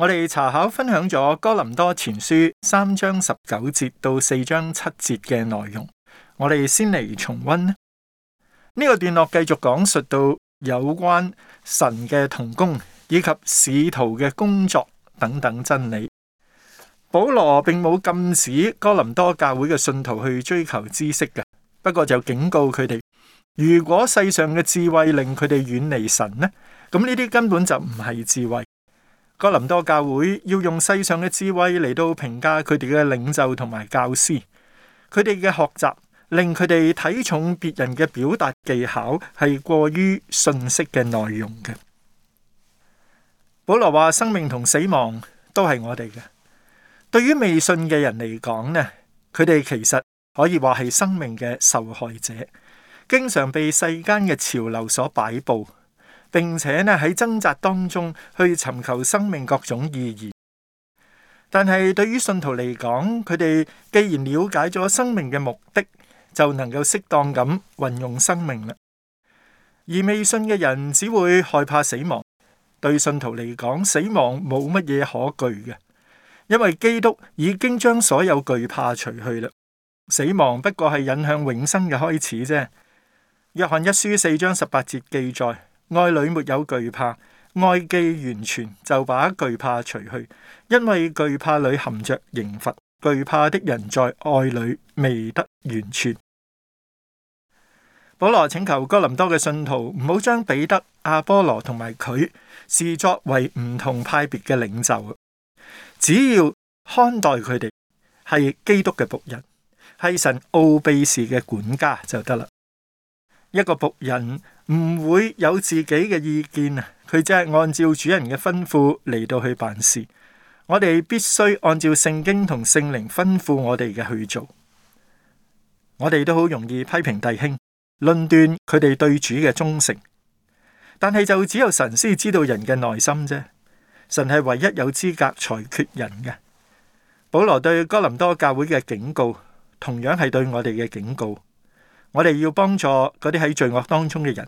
我哋查考分享咗哥林多前書三章十九節到四章七節嘅內容，我哋先嚟重溫呢個段落，繼續講述到有關神嘅同工以及使徒嘅工作等等真理。保羅並冇禁止哥林多教會嘅信徒去追求知識嘅，不過就警告佢哋，如果世上嘅智慧令佢哋遠離神呢，咁呢啲根本就唔係智慧。哥林多教會要用世上嘅智慧嚟到評價佢哋嘅領袖同埋教師，佢哋嘅學習令佢哋睇重別人嘅表達技巧係過於信息嘅內容嘅。保羅話：生命同死亡都係我哋嘅。對於未信嘅人嚟講呢，佢哋其實可以話係生命嘅受害者，經常被世間嘅潮流所擺布。並且呢，喺掙扎當中去尋求生命各種意義，但係對於信徒嚟講，佢哋既然了解咗生命嘅目的，就能夠適當咁運用生命啦。而未信嘅人只會害怕死亡。對信徒嚟講，死亡冇乜嘢可懼嘅，因為基督已經將所有懼怕除去了。死亡不過係引向永生嘅開始啫。約翰一書四章十八節記載。愛裏沒有懼怕，愛既完全，就把懼怕除去，因為懼怕裏含着刑罰，懼怕的人在愛裏未得完全。保羅請求哥林多嘅信徒唔好將彼得、阿波羅同埋佢視作為唔同派別嘅領袖，只要看待佢哋係基督嘅僕人，係神奧秘事嘅管家就得啦。一個僕人，唔會有自己嘅意見啊，佢只係按照主人嘅吩咐嚟到去辦事。我哋必須按照聖經同聖靈吩咐我哋嘅去做。我哋都好容易批評弟兄，論斷佢哋對主嘅忠誠，但係就只有神先知道人嘅內心啫。神係唯一有資格裁決人嘅。保羅對哥林多教會嘅警告，同樣係對我哋嘅警告。我哋要幫助嗰啲喺罪惡當中嘅人。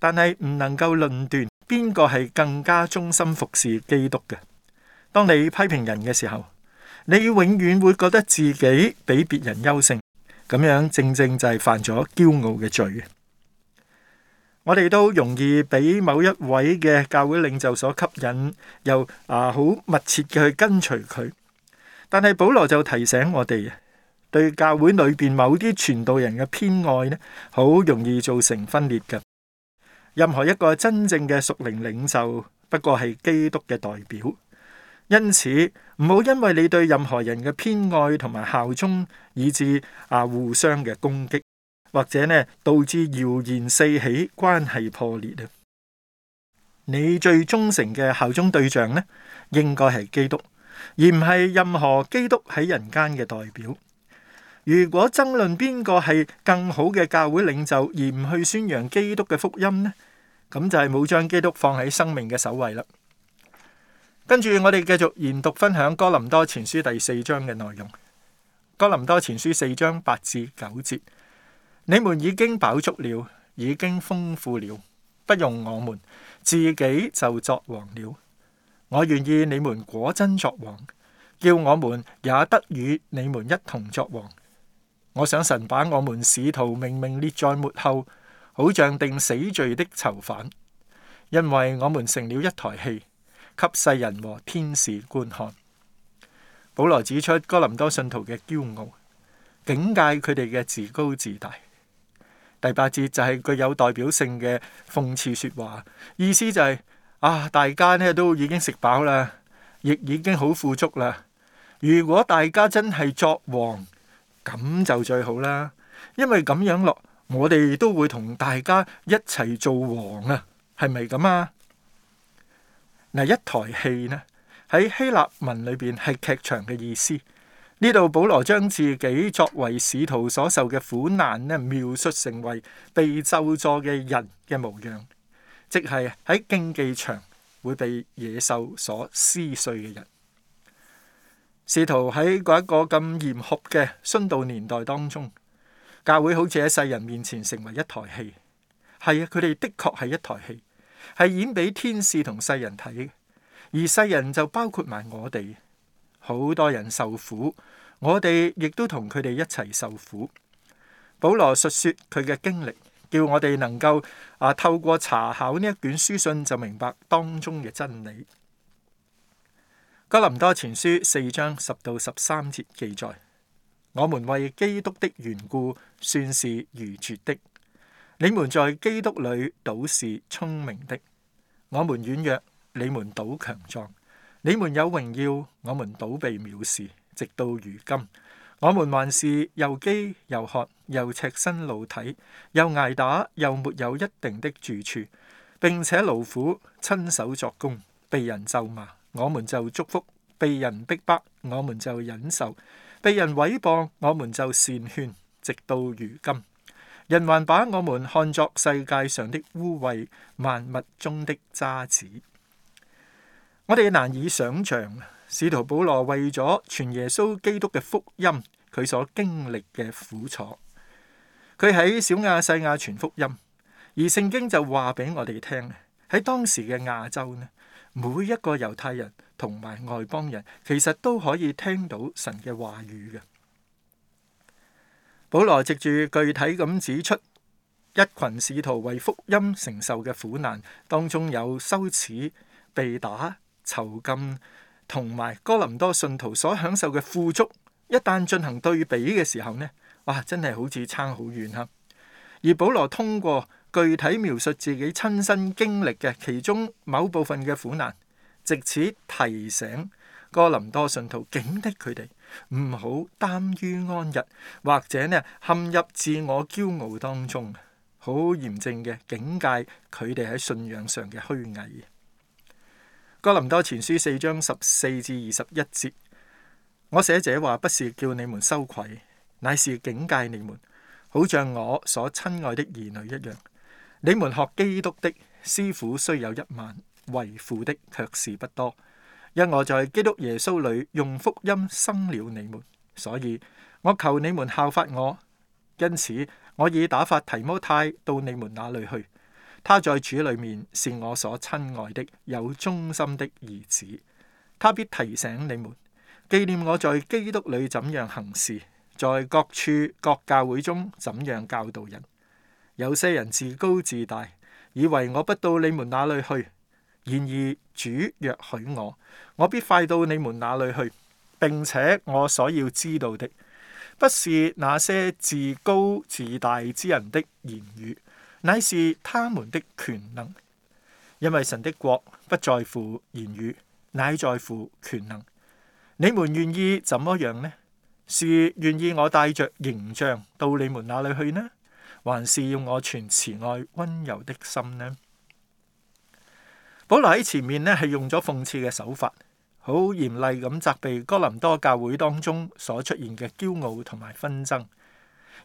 但係唔能夠論斷邊個係更加忠心服侍基督嘅。當你批評人嘅時候，你永遠會覺得自己比別人優勝，咁樣正正就係犯咗驕傲嘅罪。我哋都容易俾某一位嘅教會領袖所吸引，又啊好密切嘅去跟隨佢。但係保羅就提醒我哋，對教會裏邊某啲傳道人嘅偏愛，呢好容易造成分裂嘅。任何一個真正嘅屬靈領袖不過係基督嘅代表，因此唔好因為你對任何人嘅偏愛同埋效忠，以致啊互相嘅攻擊，或者呢導致謠言四起、關係破裂。你最忠誠嘅效忠對象呢，應該係基督，而唔係任何基督喺人間嘅代表。如果爭論邊個係更好嘅教會領袖，而唔去宣揚基督嘅福音呢？咁就係冇將基督放喺生命嘅首位啦。跟住我哋繼續研讀分享哥林多前書第四章嘅內容。哥林多前書四章八至九節：你們已經飽足了，已經豐富了，不用我們，自己就作王了。我願意你們果真作王，叫我們也得與你們一同作王。我想神把我們使徒明明列在末後，好像定死罪的囚犯，因為我們成了一台戲，給世人和天使觀看。保羅指出哥林多信徒嘅驕傲，警戒佢哋嘅自高自大。第八節就係具有代表性嘅諷刺說話，意思就係、是、啊，大家呢都已經食飽啦，亦已經好富足啦。如果大家真係作王，咁就最好啦，因為咁樣落，我哋都會同大家一齊做王啊，係咪咁啊？嗱，一台戲呢，喺希臘文裏邊係劇場嘅意思。呢度保羅將自己作為使徒所受嘅苦難呢，描述成為被咒詛嘅人嘅模樣，即係喺競技場會被野獸所撕碎嘅人。試圖喺嗰一個咁嚴酷嘅殉道年代當中，教會好似喺世人面前成為一台戲。係啊，佢哋的確係一台戲，係演俾天使同世人睇嘅。而世人就包括埋我哋，好多人受苦，我哋亦都同佢哋一齊受苦。保羅述説佢嘅經歷，叫我哋能夠啊透過查考呢一卷書信就明白當中嘅真理。哥林多前書四章十到十三節記載：我們為基督的緣故算是愚拙的；你們在基督裏倒是聰明的。我們軟弱，你們倒強壯；你們有榮耀，我們倒被藐視。直到如今，我們還是又飢又渴，又赤身露體，又挨打，又沒有一定的住處，並且勞苦，親手作工，被人咒罵。我們就祝福被人逼迫，我們就忍受被人毀謗，我們就善勸，直到如今，人還把我們看作世界上的污穢、萬物中的渣滓。我哋難以想象，使徒保羅為咗傳耶穌基督嘅福音，佢所經歷嘅苦楚。佢喺小亞細亞傳福音，而聖經就話俾我哋聽，喺當時嘅亞洲呢？每一個猶太人同埋外邦人，其實都可以聽到神嘅話語嘅。保羅藉住具體咁指出，一群使徒為福音承受嘅苦難，當中有羞恥、被打、囚禁，同埋哥林多信徒所享受嘅富足，一旦進行對比嘅時候呢？哇、啊！真係好似差好遠哈。而保羅通過具體描述自己親身經歷嘅其中某部分嘅苦難，藉此提醒哥林多信徒警惕佢哋唔好耽於安逸，或者呢陷入自我驕傲當中。好嚴正嘅警戒，佢哋喺信仰上嘅虛偽。哥林多前書四章十四至二十一節，我寫這話：不是叫你們羞愧，乃是警戒你們，好像我所親愛的兒女一樣。你們學基督的師傅雖有一萬，為父的卻是不多。因我在基督耶穌裏用福音生了你們，所以我求你們效法我。因此我已打發提摩太到你們那裏去。他在主裏面是我所親愛的、的有忠心的兒子。他必提醒你們，紀念我在基督裏怎樣行事，在各處各教會中怎樣教導人。有些人自高自大，以為我不到你們那裏去。然而主若許我，我必快到你們那裏去，並且我所要知道的，不是那些自高自大之人的言語，乃是他們的權能。因為神的國不在乎言語，乃在乎權能。你們願意怎麼樣呢？是願意我帶着形象到你們那裏去呢？還是要我傳慈愛、溫柔的心呢？保羅喺前面呢，係用咗諷刺嘅手法，好嚴厲咁責備哥林多教會當中所出現嘅驕傲同埋紛爭。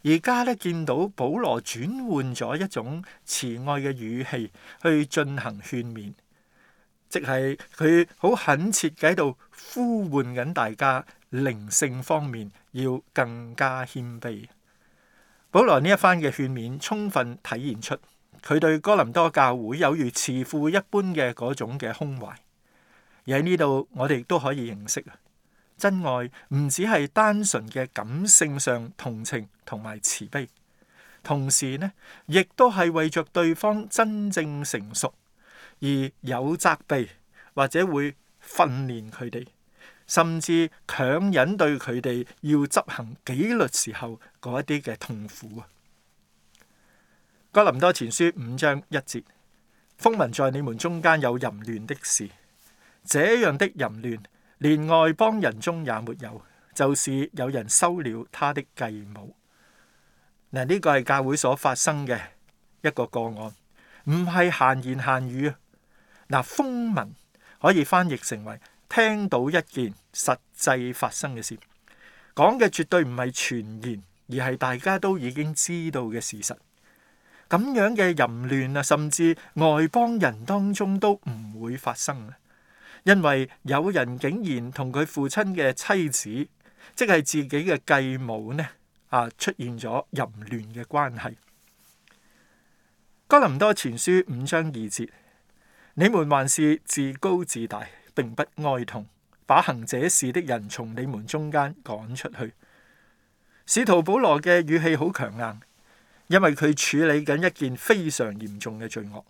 而家呢，見到保羅轉換咗一種慈愛嘅語氣去進行勸勉，即係佢好懇切喺度呼喚緊大家靈性方面要更加謙卑。保羅呢一番嘅勸勉，充分體現出佢對哥林多教會有如慈父一般嘅嗰種嘅胸懷。而喺呢度，我哋亦都可以認識啊，真愛唔只係單純嘅感性上同情同埋慈悲，同時呢，亦都係為着對方真正成熟而有責備或者會訓練佢哋。甚至強忍對佢哋要執行紀律時候嗰一啲嘅痛苦啊！哥林多前書五章一節，風聞在你們中間有淫亂的事，這樣的淫亂連外邦人中也沒有，就是有人收了他的繼母。嗱，呢個係教會所發生嘅一個個案，唔係閒言閒語啊！嗱，風聞可以翻譯成為。聽到一件實際發生嘅事，講嘅絕對唔係傳言，而係大家都已經知道嘅事實。咁樣嘅淫亂啊，甚至外邦人當中都唔會發生，因為有人竟然同佢父親嘅妻子，即係自己嘅繼母呢啊，出現咗淫亂嘅關係。哥林多前書五章二節，你們還是自高自大。並不哀痛，把行這事的人從你們中間趕出去。使徒保羅嘅語氣好強硬，因為佢處理緊一件非常嚴重嘅罪惡。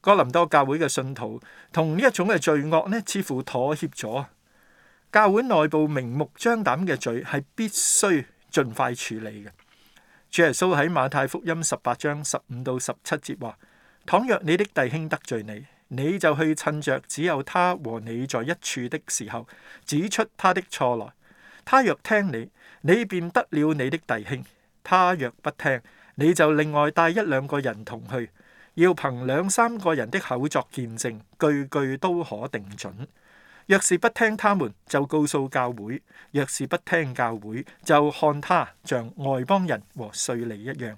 哥林多教會嘅信徒同呢一種嘅罪惡呢，似乎妥協咗。教會內部明目張膽嘅罪係必須盡快處理嘅。主耶穌喺馬太福音十八章十五到十七節話：倘若你的弟兄得罪你，你就去趁着只有他和你在一處的時候，指出他的錯來。他若聽你，你便得了你的弟兄；他若不聽，你就另外帶一兩個人同去，要憑兩三個人的口作見證，句句都可定準。若是不聽他們，就告訴教會；若是不聽教會，就看他像外邦人和稅吏一樣。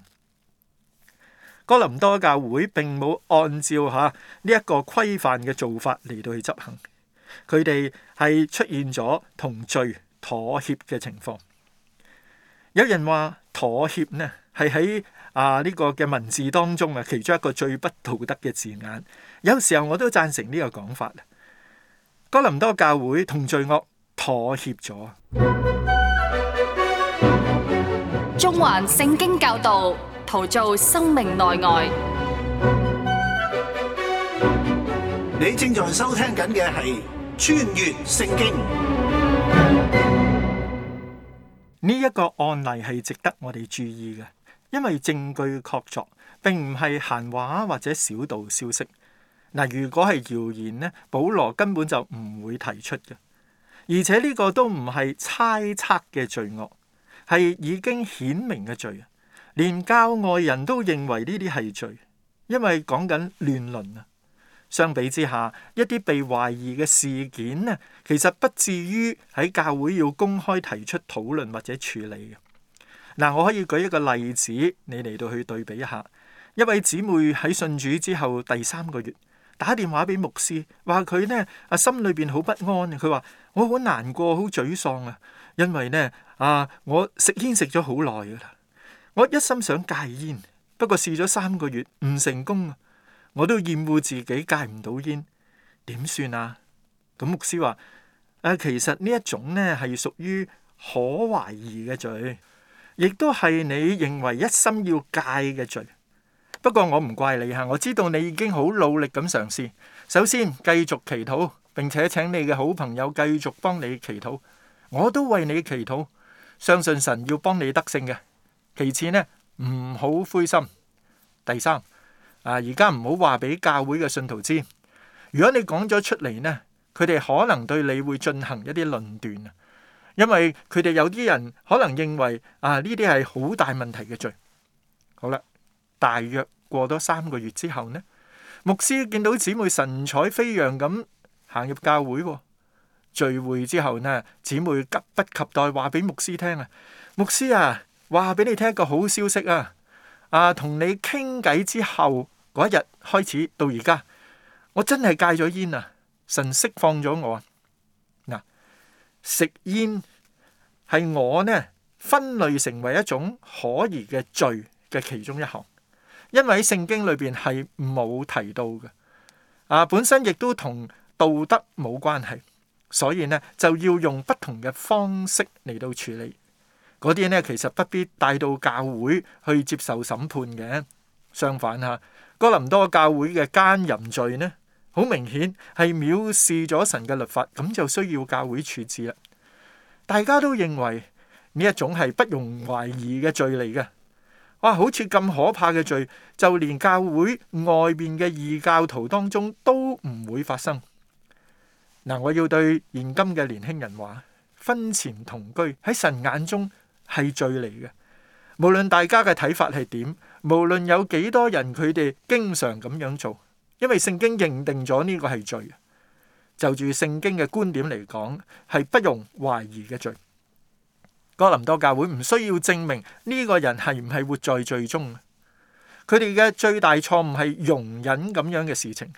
哥林多教會並冇按照吓呢一個規範嘅做法嚟到去執行，佢哋係出現咗同罪妥協嘅情況。有人話妥協呢係喺啊呢個嘅文字當中啊其中一個最不道德嘅字眼。有時候我都讚成呢個講法。哥林多教會同罪惡妥協咗。中環聖經教導。陶造生命內外，你正在收聽緊嘅係《穿越聖經》。呢一個案例係值得我哋注意嘅，因為證據確鑿，並唔係閒話或者小道消息。嗱，如果係謠言呢，保羅根本就唔會提出嘅。而且呢個都唔係猜測嘅罪惡，係已經顯明嘅罪啊！連教外人都認為呢啲係罪，因為講緊亂倫啊。相比之下，一啲被懷疑嘅事件咧，其實不至於喺教會要公開提出討論或者處理嘅。嗱，我可以舉一個例子，你嚟到去對比一下。一位姊妹喺信主之後第三個月，打電話俾牧師，話佢呢，啊心裏邊好不安，佢話我好難過，好沮喪啊，因為呢，啊我食煙食咗好耐噶啦。我一心想戒煙，不過試咗三個月唔成功，我都厭惡自己戒唔到煙，點算啊？咁牧師話：誒、啊，其實呢一種呢係屬於可懷疑嘅罪，亦都係你認為一心要戒嘅罪。不過我唔怪你吓，我知道你已經好努力咁嘗試。首先繼續祈禱，並且請你嘅好朋友繼續幫你祈禱。我都為你祈禱，相信神要幫你得勝嘅。其次呢，唔好灰心。第三，啊，而家唔好話俾教會嘅信徒知。如果你講咗出嚟呢，佢哋可能對你會進行一啲論斷啊。因為佢哋有啲人可能認為啊，呢啲係好大問題嘅罪。好啦，大約過咗三個月之後呢，牧師見到姊妹神采飛揚咁行入教會喎。聚會之後呢，姊妹急不及待話俾牧師聽啊，牧師啊！話俾你聽一個好消息啊！啊，同你傾偈之後嗰一日開始到而家，我真係戒咗煙啊！神釋放咗我啊！嗱，食煙係我呢分類成為一種可疑嘅罪嘅其中一項，因為喺聖經裏邊係冇提到嘅啊，本身亦都同道德冇關係，所以呢就要用不同嘅方式嚟到處理。嗰啲呢，其實不必帶到教會去接受審判嘅。相反啊，哥林多教會嘅奸淫罪呢，好明顯係藐視咗神嘅律法，咁就需要教會處置啦。大家都認為呢一種係不容懷疑嘅罪嚟嘅。哇、啊，好似咁可怕嘅罪，就連教會外邊嘅異教徒當中都唔會發生。嗱、啊，我要對現今嘅年輕人話：婚前同居喺神眼中係罪嚟嘅，無論大家嘅睇法係點，無論有幾多人佢哋經常咁樣做，因為聖經認定咗呢個係罪。就住聖經嘅觀點嚟講，係不容懷疑嘅罪。哥林多教會唔需要證明呢個人係唔係活在罪中。佢哋嘅最大錯誤係容忍咁樣嘅事情。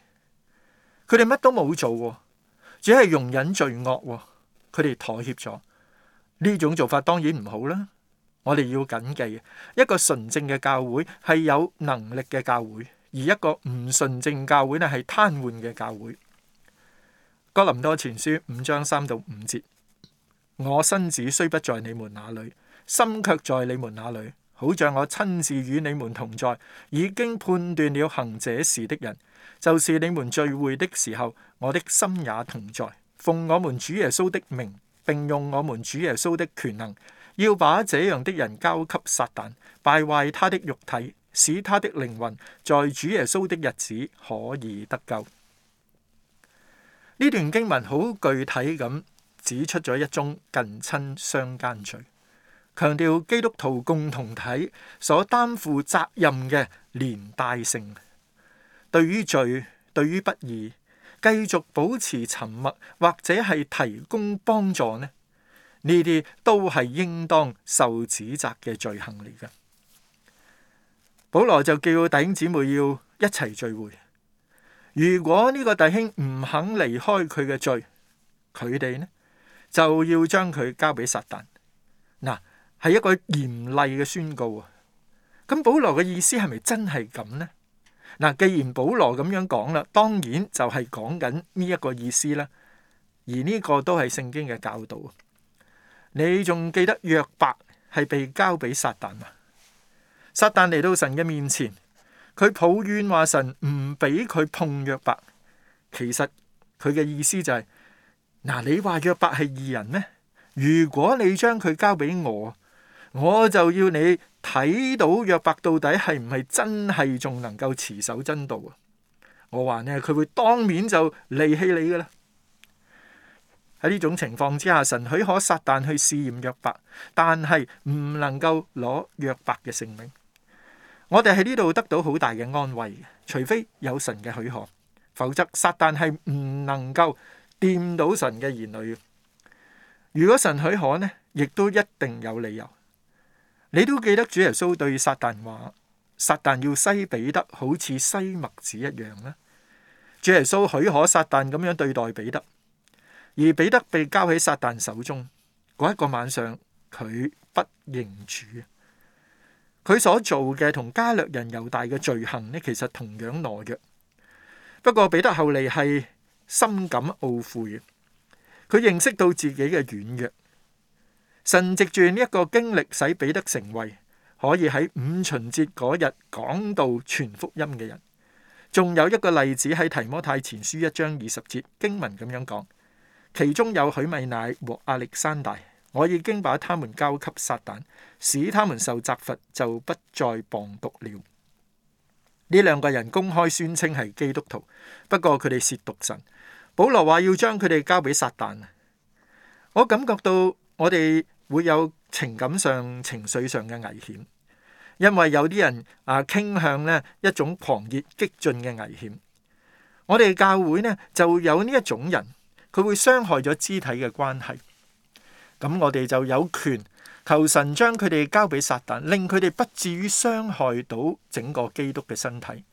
佢哋乜都冇做，只係容忍罪惡。佢哋妥協咗。呢種做法當然唔好啦，我哋要謹記，一個純正嘅教會係有能力嘅教會，而一個唔純正教會咧係癱瘓嘅教會。哥林多前書五章三到五節：我身子雖不在你們那裏，心卻在你們那裏，好像我親自與你們同在。已經判斷了行這事的人，就是你們聚會的時候，我的心也同在。奉我們主耶穌的名。並用我們主耶穌的權能，要把這樣的人交給撒旦，敗壞他的肉體，使他的靈魂在主耶穌的日子可以得救。呢段經文好具體咁指出咗一宗近親相奸罪，強調基督徒共同體所擔負責任嘅連帶性，對於罪，對於不義。繼續保持沉默，或者係提供幫助呢？呢啲都係應當受指責嘅罪行嚟噶。保羅就叫弟兄姊妹要一齊聚會。如果呢個弟兄唔肯離開佢嘅罪，佢哋呢就要將佢交俾撒旦。嗱，係一個嚴厲嘅宣告啊！咁保羅嘅意思係咪真係咁呢？嗱，既然保羅咁樣講啦，當然就係講緊呢一個意思啦，而呢個都係聖經嘅教導。你仲記得約伯係被交俾撒旦？啊？撒旦嚟到神嘅面前，佢抱怨話神唔俾佢碰約伯。其實佢嘅意思就係，嗱，你話約伯係義人咩？如果你將佢交俾我。我就要你睇到約伯到底係唔係真係仲能夠持守真道啊？我話呢，佢會當面就離棄你噶啦。喺呢種情況之下，神許可撒旦去試驗約伯，但係唔能夠攞約伯嘅性命。我哋喺呢度得到好大嘅安慰，除非有神嘅許可，否則撒旦係唔能夠掂到神嘅兒女。如果神許可呢，亦都一定有理由。你都記得主耶穌對撒旦話，撒旦要西彼得好似西麥子一樣啦。主耶穌許可撒旦咁樣對待彼得，而彼得被交喺撒旦手中嗰一個晚上，佢不認主，佢所做嘅同加略人猶大嘅罪行呢，其實同樣懦弱。不過彼得後嚟係深感懊悔，佢認識到自己嘅軟弱。神藉住呢一個經歷，使彼得成為可以喺五旬節嗰日講到全福音嘅人。仲有一個例子喺提摩太前書一章二十節經文咁樣講，其中有許米乃和亞力山大，我已經把他們交給撒旦，使他們受責罰就不再謗瀆了。呢兩個人公開宣稱係基督徒，不過佢哋褻瀆神。保羅話要將佢哋交俾撒旦。我感覺到。我哋會有情感上、情緒上嘅危險，因為有啲人啊傾向呢一種狂熱激進嘅危險。我哋教會呢就有呢一種人，佢會傷害咗肢體嘅關係。咁我哋就有權求神將佢哋交俾撒旦，令佢哋不至於傷害到整個基督嘅身體。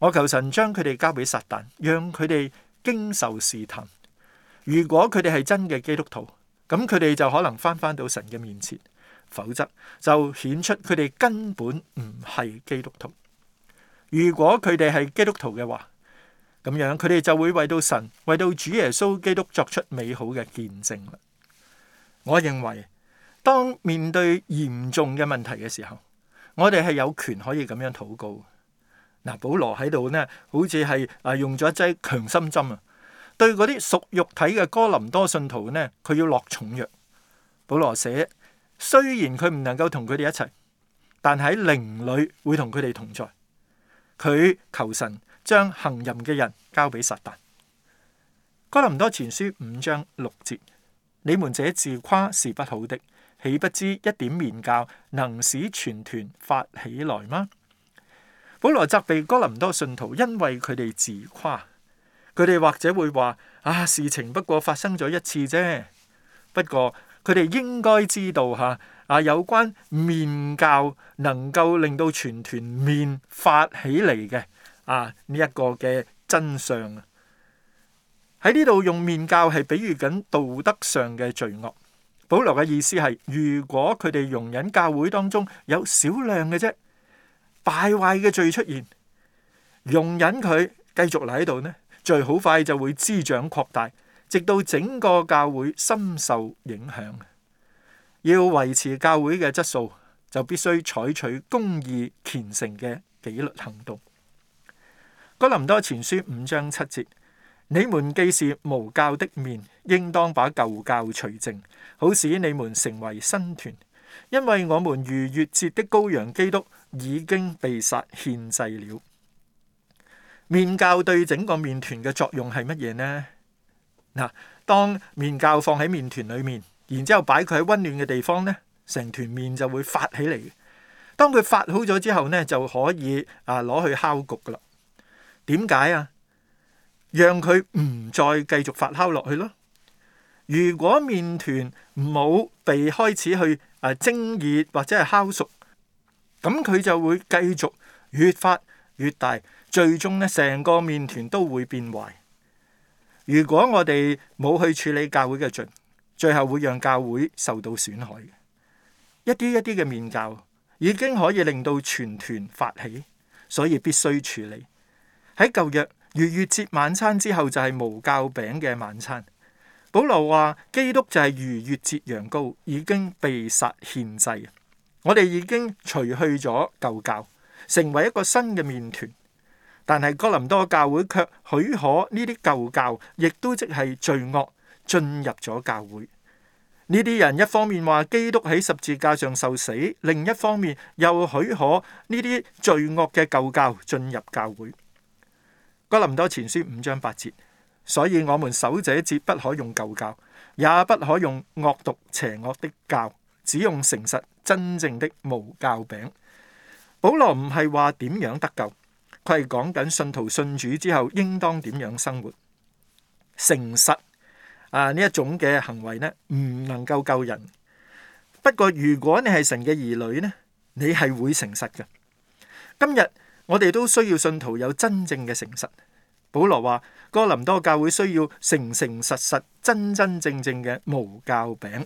我求神將佢哋交俾撒旦，讓佢哋經受試探。如果佢哋係真嘅基督徒。咁佢哋就可能翻翻到神嘅面前，否則就顯出佢哋根本唔係基督徒。如果佢哋係基督徒嘅話，咁樣佢哋就會為到神、為到主耶穌基督作出美好嘅見證啦。我認為當面對嚴重嘅問題嘅時候，我哋係有權可以咁樣禱告。嗱，保羅喺度呢，好似係啊用咗一劑強心針啊！對嗰啲屬肉體嘅哥林多信徒呢，佢要落重藥。保羅寫，雖然佢唔能夠同佢哋一齊，但喺靈裏會同佢哋同在。佢求神將行淫嘅人交俾撒旦。哥林多前書五章六節：你們這自誇是不好的，豈不知一點麵酵能使全團發起來嗎？保羅責備哥林多信徒，因為佢哋自誇。佢哋或者會話啊，事情不過發生咗一次啫。不過佢哋應該知道吓啊，有關麵教能夠令到全團麵發起嚟嘅啊呢一個嘅真相啊。喺呢度用麵教係比喻緊道德上嘅罪惡。保留嘅意思係，如果佢哋容忍教會當中有少量嘅啫敗壞嘅罪出現，容忍佢繼續嚟喺度呢？最好快就會滋長擴大，直到整個教會深受影響。要維持教會嘅質素，就必須採取公義虔誠嘅紀律行動。哥林多前書五章七節：你們既是無酵的麵，應當把舊酵除淨，好使你們成為新團。因為我們逾越節的羔羊基督已經被殺獻祭了。麵酵對整個麵團嘅作用係乜嘢呢？嗱，當麵酵放喺麵團裏面，然之後擺佢喺溫暖嘅地方呢，成團麵就會發起嚟。當佢發好咗之後呢，就可以啊攞去烤焗噶啦。點解啊？讓佢唔再繼續發酵落去咯。如果麵團冇被開始去誒蒸熱或者係烤熟，咁佢就會繼續越發。越大，最終呢成個麵團都會變壞。如果我哋冇去處理教會嘅罪，最後會讓教會受到損害。一啲一啲嘅麵酵已經可以令到全團發酵，所以必須處理。喺舊約逾越節晚餐之後，就係無酵餅嘅晚餐。保羅話：基督就係逾越節羊羔，已經被殺獻祭。我哋已經除去咗舊酵。成為一個新嘅麵團，但係哥林多教會卻許可呢啲舊酵，亦都即係罪惡進入咗教會。呢啲人一方面話基督喺十字架上受死，另一方面又許可呢啲罪惡嘅舊酵進入教會。哥林多前書五章八節，所以我們守這節不可用舊酵，也不可用惡毒邪惡的酵，只用誠實真正的無酵餅。保羅唔係話點樣得救，佢係講緊信徒信主之後應當點樣生活，誠實啊，呢一種嘅行為咧唔能夠救人。不過如果你係神嘅兒女咧，你係會誠實嘅。今日我哋都需要信徒有真正嘅誠實。保羅話哥林多教會需要誠誠實實、真真正正嘅無酵餅。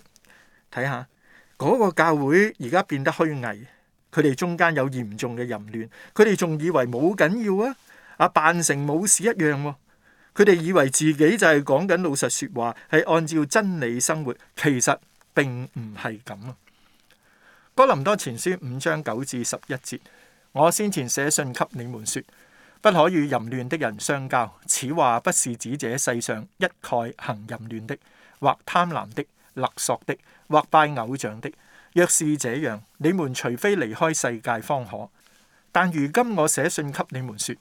睇下嗰個教會而家變得虛偽。佢哋中間有嚴重嘅淫亂，佢哋仲以為冇緊要啊！啊，扮成冇事一樣喎。佢哋、啊、以為自己就係講緊老實説話，係按照真理生活，其實並唔係咁啊！哥林多前書五章九至十一節，我先前寫信給你們說，不可與淫亂的人相交，此話不是指這世上一概行淫亂的，或貪婪的，勒索的，或拜偶像的。若是這樣，你們除非離開世界方可。但如今我寫信給你們說，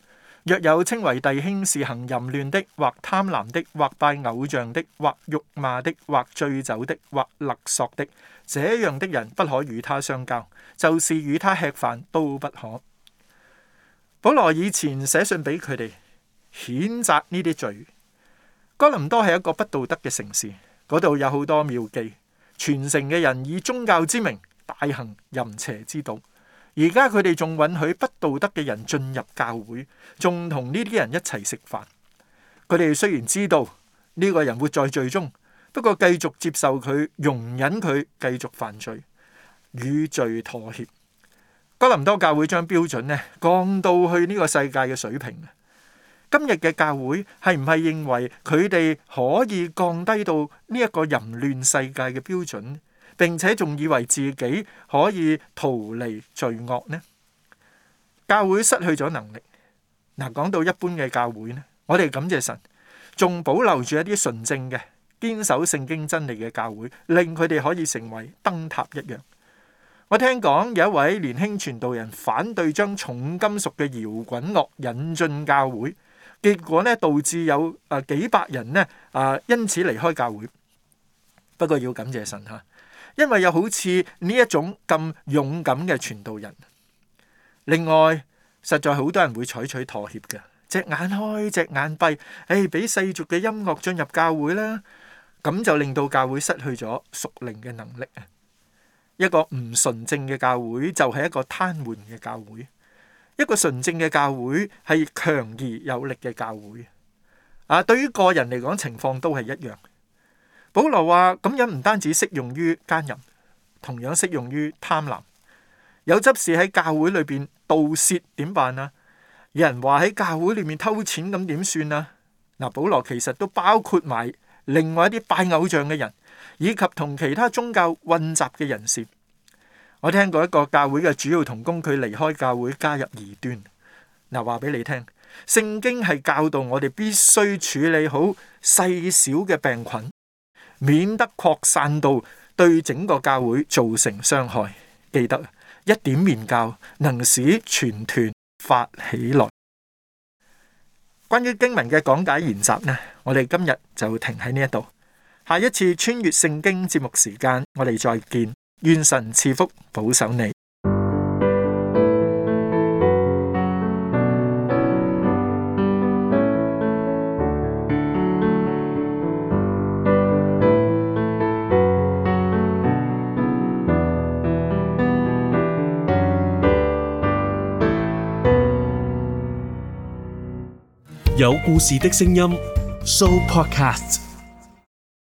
若有稱為弟兄、是行淫亂的、或貪婪的、或拜偶像的，的、或辱罵的、或醉酒的、或勒索的，這樣的人不可與他相交，就是與他吃飯都不可。保羅以前寫信俾佢哋譴責呢啲罪。哥林多係一個不道德嘅城市，嗰度有好多廟妓。全城嘅人以宗教之名大行淫邪之道，而家佢哋仲允許不道德嘅人進入教會，仲同呢啲人一齊食飯。佢哋雖然知道呢個人活在罪中，不過繼續接受佢，容忍佢繼續犯罪，與罪妥協。哥林多教會將標準咧降到去呢個世界嘅水平。今日嘅教會係唔係認為佢哋可以降低到呢一個淫亂世界嘅標準，並且仲以為自己可以逃離罪惡呢？教會失去咗能力。嗱，講到一般嘅教會呢，我哋感謝神，仲保留住一啲純正嘅、堅守聖經真理嘅教會，令佢哋可以成為燈塔一樣。我聽講有一位年輕傳道人反對將重金屬嘅搖滾樂引進教會。結果咧，導致有誒幾百人咧啊，因此離開教會。不過要感謝神吓，因為有好似呢一種咁勇敢嘅傳道人。另外，實在好多人會採取妥協嘅，隻眼開隻眼閉，誒、哎、俾世俗嘅音樂進入教會啦。咁就令到教會失去咗屬靈嘅能力啊！一個唔純正嘅教，教會，就係一個癱瘓嘅教會。一個純正嘅教會係強而有力嘅教會，啊，對於個人嚟講情況都係一樣。保羅話咁樣唔單止適用於奸淫，同樣適用於貪婪。有執事喺教會裏邊盜竊點辦啊？有人話喺教會裏面偷錢咁點算啊？嗱，保羅其實都包括埋另外一啲拜偶像嘅人，以及同其他宗教混雜嘅人士。我聽過一個教會嘅主要同工，佢離開教會加入異端。嗱，話俾你聽，聖經係教導我哋必須處理好細小嘅病菌，免得擴散到對整個教會造成傷害。記得一點麵酵，能使全團發起來。關於經文嘅講解研習呢，我哋今日就停喺呢一度。下一次穿越聖經節目時間，我哋再見。願神賜福保守你。有故事的聲音，Show Podcast。